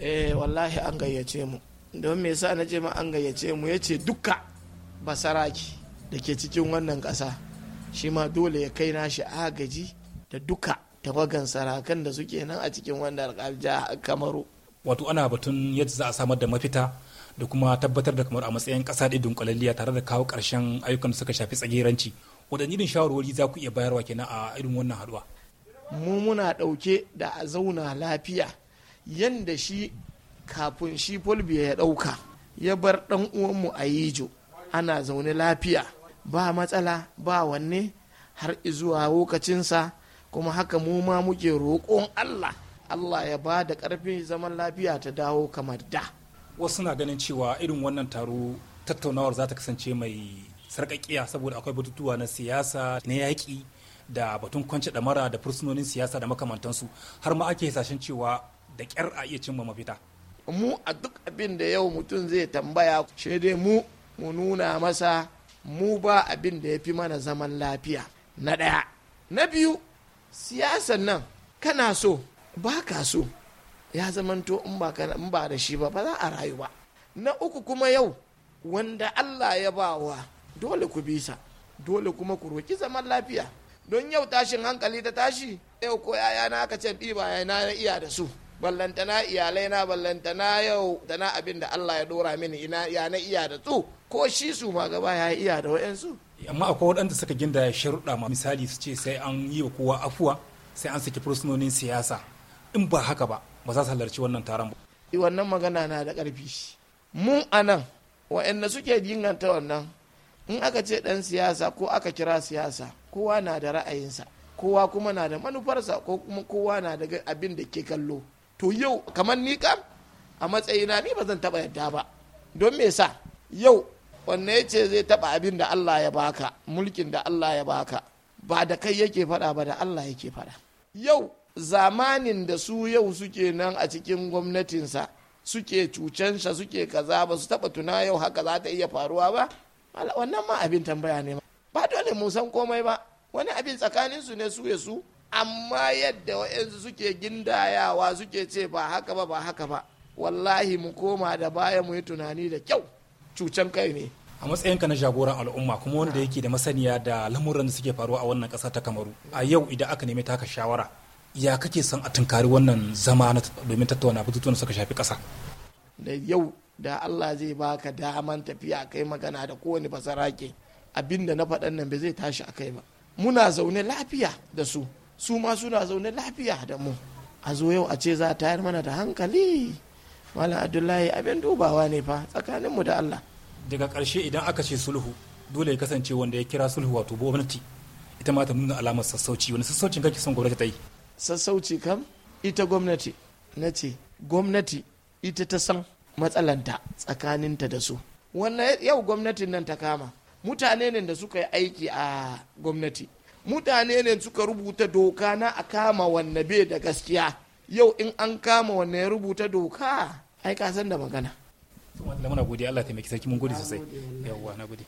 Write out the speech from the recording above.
eh wallahi an gayyace mu don me yasa na ce ma an gayyace mu yace duka basaraki da ke cikin wannan ƙasa shi ma dole ya kai nashi agaji da duka tawagan sarakan da suke nan a cikin wannan alƙalja kamaru wato ana batun yadda za a samar da mafita da kuma tabbatar da kamar a matsayin ƙasa da dunkulalliya tare da kawo ƙarshen ayyukan da suka shafi tsageranci wadannan irin shawarwari za ku iya bayarwa kenan a irin wannan haɗuwa mu muna ɗauke da a zauna lafiya yanda shi kafin shi fulbiya ya ɗauka ya bar ɗan uwanmu a yijo ana zaune lafiya ba matsala ba wanne har izuwa lokacinsa kuma haka mu ma muke roƙon allah allah ya ba da karfin zaman lafiya ta dawo kamar da wasu na ganin cewa irin wannan taro tattaunawar za ta kasance mai sarƙaƙiya saboda akwai batutuwa na siyasa na yaƙi da batun kwance ɗamara da fursunonin siyasa da makamantansu har ma ake hasashen cewa da kyar a iya cimma mafita mu a duk abin da yau mutum zai tambaya shi dai mu mu nuna masa mu ba abin da ya fi mana zaman lafiya na ɗaya na biyu siyasan nan kana so ba ka so ya zamanto in ba da shi ba ba za a rayu ba na uku kuma yau wanda allah ya ba wa dole ku bisa dole kuma ku roki zaman lafiya don yau tashin hankali ta tashi yau ko yaya na aka ce ba na iya da su ballantana iyalai na ballantana yau tana abin da Allah ya dora mini ina ya na iya da tsu ko shi su ma gaba ya iya da wayansu amma akwai waɗanda suka ginda sharuɗa ma misali su ce sai an yi wa kowa afuwa sai an saki fursunonin siyasa in ba haka ba ba za su halarci wannan taron ba wannan magana na da ƙarfi mun anan wa'anda suke jinganta wannan in aka ce ɗan siyasa ko aka kira siyasa kowa na da ra'ayinsa kowa kuma na da manufarsa ko kuma kowa na da abin da ke kallo to yau kamar ni kam a matsayina ni ba zan taɓa yadda ba don me sa yau wanne ya ce zai taba abin da Allah ya baka mulkin da Allah ya baka ba da kai yake faɗa ba da Allah yake fada yau zamanin da su yau suke nan a cikin gwamnatinsa suke cucensa suke kaza ba su taba tuna yau haka za ta iya faruwa ba wannan ma abin tambaya ne ba dole mu san komai ba wani abin tsakaninsu ne su ya su amma yadda wa'yansu suke gindayawa suke ce ba haka ba ba haka ba wallahi mu koma da baya mu yi tunani da kyau cucan kai ne a matsayin ka na jagoran al'umma kuma wanda yake da masaniya da lamuran da suke faruwa a wannan ƙasa ta kamaru a yau idan aka nemi taka shawara ya kake son a tunkari wannan zama domin tattauna batutuwan suka shafi ƙasa da yau da allah zai baka daman tafiya kai magana da kowane basarake abinda na faɗan nan ba zai tashi a kai ba muna zaune lafiya da su su ma suna zaune lafiya da mu a zo yau a ce za a tayar mana da hankali malam abdullahi abin dubawa ne fa tsakaninmu da allah daga ƙarshe idan aka ce sulhu dole ya kasance wanda ya kira sulhu wato gwamnati ita ma ta nuna alamar sassauci wani sassaucin kake son gwamnati ta yi sassauci kam ita gwamnati na ce gwamnati ita ta san matsalanta tsakaninta da su wannan yau gwamnatin nan ta kama mutane ne da suka yi aiki a gwamnati mutane ne suka rubuta doka na a kama wanne bai da gaskiya yau in an kama wanne ya rubuta doka ai ka san da magana Allah taimaki sarki mun gode sosai